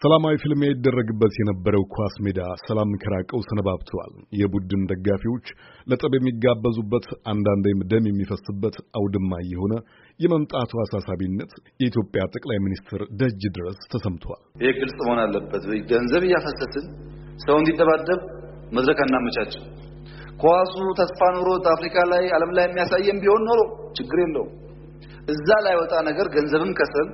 ሰላማዊ ፊልም ይደረግበት የነበረው ኳስ ሜዳ ሰላም ከራቀው ሰነባብተዋል። የቡድን ደጋፊዎች ለጠብ የሚጋበዙበት አንዳንዴም ደም የሚፈስበት አውድማ የሆነ የመምጣቱ አሳሳቢነት የኢትዮጵያ ጠቅላይ ሚኒስትር ደጅ ድረስ ተሰምቷል። ይህ ግልጽ መሆን አለበት። ገንዘብ እያፈሰስን ሰው እንዲደባደብ መድረክ አናመቻችም። ኳሱ ተስፋ ኑሮት አፍሪካ ላይ ዓለም ላይ የሚያሳየን ቢሆን ኖሮ ችግር የለውም። እዛ ላይ ወጣ ነገር ገንዘብም ከስረን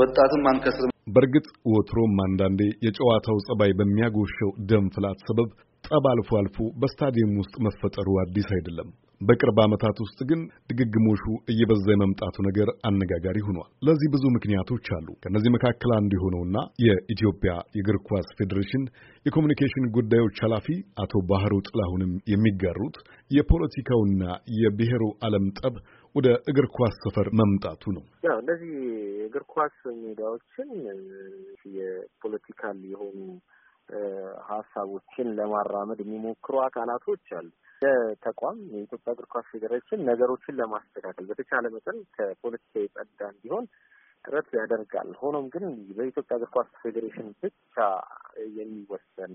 ወጣትም አንከስርም። በእርግጥ ወትሮም አንዳንዴ የጨዋታው ጸባይ በሚያጎሸው ደም ፍላት ሰበብ ጠብ አልፎ አልፎ በስታዲየም ውስጥ መፈጠሩ አዲስ አይደለም። በቅርብ ዓመታት ውስጥ ግን ድግግሞሹ እየበዛ የመምጣቱ ነገር አነጋጋሪ ሆኗል። ለዚህ ብዙ ምክንያቶች አሉ። ከእነዚህ መካከል አንዱ የሆነውና የኢትዮጵያ የእግር ኳስ ፌዴሬሽን የኮሚኒኬሽን ጉዳዮች ኃላፊ አቶ ባህሩ ጥላሁንም የሚጋሩት የፖለቲካውና የብሔሩ ዓለም ጠብ ወደ እግር ኳስ ሰፈር መምጣቱ ነው። ያው እነዚህ እግር ኳስ ሜዳዎችን የፖለቲካል የሆኑ ሀሳቦችን ለማራመድ የሚሞክሩ አካላቶች አሉ። ተቋም የኢትዮጵያ እግር ኳስ ፌዴሬሽን ነገሮችን ለማስተካከል በተቻለ መጠን ከፖለቲካ የጸዳ እንዲሆን ጥረት ያደርጋል። ሆኖም ግን በኢትዮጵያ እግር ኳስ ፌዴሬሽን ብቻ የሚወሰን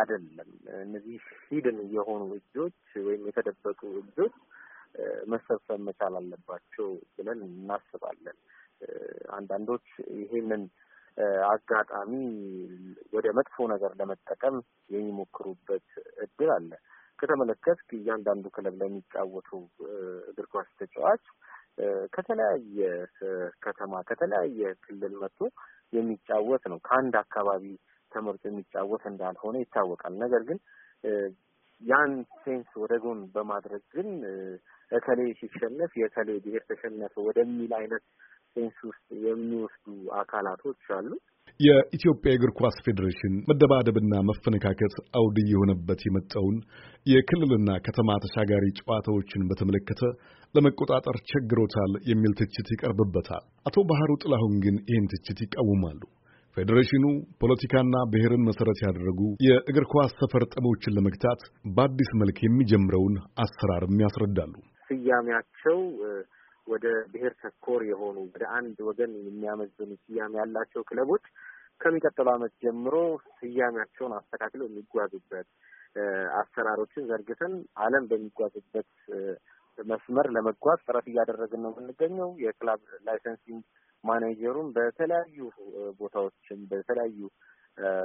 አይደለም። እነዚህ ሂድን የሆኑ እጆች ወይም የተደበቁ እጆች መሰብሰብ መቻል አለባቸው ብለን እናስባለን። አንዳንዶች ይሄንን አጋጣሚ ወደ መጥፎ ነገር ለመጠቀም የሚሞክሩበት እድል አለ። ከተመለከትክ እያንዳንዱ ክለብ ለሚጫወቱ እግር ኳስ ተጫዋች ከተለያየ ከተማ ከተለያየ ክልል መጥቶ የሚጫወት ነው። ከአንድ አካባቢ ተመርጦ የሚጫወት እንዳልሆነ ይታወቃል። ነገር ግን ያን ሴንስ ወደ ጎን በማድረግ ግን እከሌ ሲሸነፍ የእከሌ ብሔር ተሸነፈ ወደሚል አይነት ሴንስ ውስጥ የሚወስዱ አካላቶች አሉ። የኢትዮጵያ እግር ኳስ ፌዴሬሽን መደባደብና መፈነካከት አውድ የሆነበት የመጣውን የክልልና ከተማ ተሻጋሪ ጨዋታዎችን በተመለከተ ለመቆጣጠር ቸግሮታል የሚል ትችት ይቀርብበታል። አቶ ባህሩ ጥላሁን ግን ይህን ትችት ይቃወማሉ። ፌዴሬሽኑ ፖለቲካና ብሔርን መሰረት ያደረጉ የእግር ኳስ ሰፈር ጠቦችን ለመግታት በአዲስ መልክ የሚጀምረውን አሰራርም ያስረዳሉ። ስያሜያቸው ወደ ብሔር ተኮር የሆኑ ወደ አንድ ወገን የሚያመዝኑ ስያሜ ያላቸው ክለቦች ከሚቀጥለው ዓመት ጀምሮ ስያሜያቸውን አስተካክለው የሚጓዙበት አሰራሮችን ዘርግተን ዓለም በሚጓዙበት መስመር ለመጓዝ ጥረት እያደረግን ነው የምንገኘው። የክላብ ላይሰንሲንግ ማኔጀሩም በተለያዩ ቦታዎችም በተለያዩ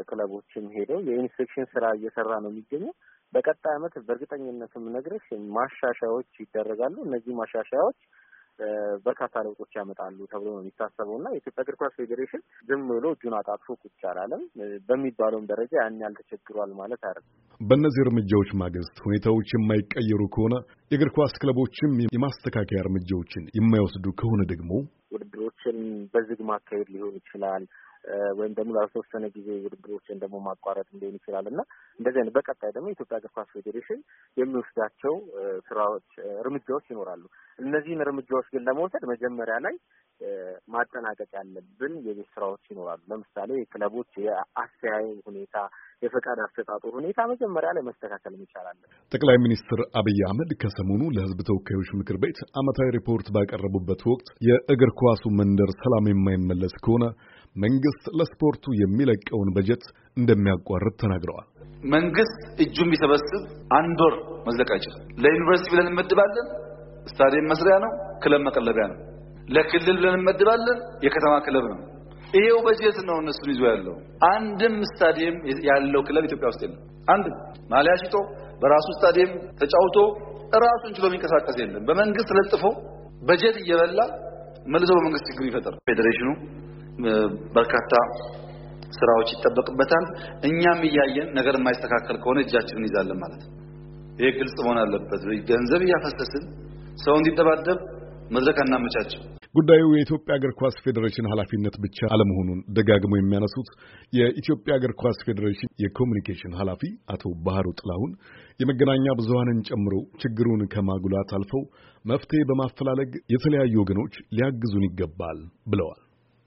ክለቦችም ሄደው የኢንስፔክሽን ስራ እየሰራ ነው የሚገኘው። በቀጣይ ዓመት በእርግጠኝነትም ነግረሽ ማሻሻያዎች ይደረጋሉ። እነዚህ ማሻሻያዎች በርካታ ለውጦች ያመጣሉ ተብሎ ነው የሚታሰበው እና የኢትዮጵያ እግር ኳስ ፌዴሬሽን ዝም ብሎ እጁን አጣጥፎ ቁጭ አላለም። በሚባለውም ደረጃ ያን ያህል ተቸግሯል ማለት አይደለም። በእነዚህ እርምጃዎች ማግስት ሁኔታዎች የማይቀየሩ ከሆነ የእግር ኳስ ክለቦችም የማስተካከያ እርምጃዎችን የማይወስዱ ከሆነ ደግሞ ውድድሮችን በዝግ ማካሄድ ሊሆን ይችላል ወይም ደግሞ ላልተወሰነ ጊዜ ውድድሮችን ደግሞ ማቋረጥ ሊሆን ይችላል እና እንደዚህ አይነት በቀጣይ ደግሞ የኢትዮጵያ እግር ኳስ ፌዴሬሽን የሚወስዳቸው ስራዎች፣ እርምጃዎች ይኖራሉ። እነዚህን እርምጃዎች ግን ለመውሰድ መጀመሪያ ላይ ማጠናቀቅ ያለብን የቤት ስራዎች ይኖራሉ። ለምሳሌ የክለቦች የአስተያየ ሁኔታ የፈቃድ አሰጣጡ ሁኔታ መጀመሪያ ላይ መስተካከል ይቻላል። ጠቅላይ ሚኒስትር አብይ አህመድ ከሰሞኑ ለህዝብ ተወካዮች ምክር ቤት ዓመታዊ ሪፖርት ባቀረቡበት ወቅት የእግር ኳሱ መንደር ሰላም የማይመለስ ከሆነ መንግስት ለስፖርቱ የሚለቀውን በጀት እንደሚያቋርጥ ተናግረዋል። መንግስት እጁን ቢሰበስብ አንድ ወር መዝለቅ አይችልም። ለዩኒቨርሲቲ ብለን እንመድባለን፣ ስታዲየም መስሪያ ነው፣ ክለብ መቀለቢያ ነው። ለክልል ብለን እንመድባለን፣ የከተማ ክለብ ነው። ይሄው በጀት ነው እነሱን ይዞ ያለው። አንድም ስታዲየም ያለው ክለብ ኢትዮጵያ ውስጥ የለም። አንድ ማሊያ ሽጦ በራሱ ስታዲየም ተጫውቶ ራሱን ችሎ የሚንቀሳቀስ የለም። በመንግስት ለጥፎ በጀት እየበላ መልሶ በመንግስት ችግር ይፈጠር። ፌዴሬሽኑ በርካታ ስራዎች ይጠበቅበታል። እኛም እያየን ነገር የማይስተካከል ከሆነ እጃችንን ይዛለን ማለት ነው። ይሄ ግልጽ መሆን አለበት። ገንዘብ እያፈሰስን ሰው እንዲደባደብ መድረክ አናመቻቸው። ጉዳዩ የኢትዮጵያ እግር ኳስ ፌዴሬሽን ኃላፊነት ብቻ አለመሆኑን ደጋግሞ የሚያነሱት የኢትዮጵያ እግር ኳስ ፌዴሬሽን የኮሚኒኬሽን ኃላፊ አቶ ባህሩ ጥላሁን የመገናኛ ብዙሃንን ጨምሮ ችግሩን ከማጉላት አልፈው መፍትሄ በማፈላለግ የተለያዩ ወገኖች ሊያግዙን ይገባል ብለዋል።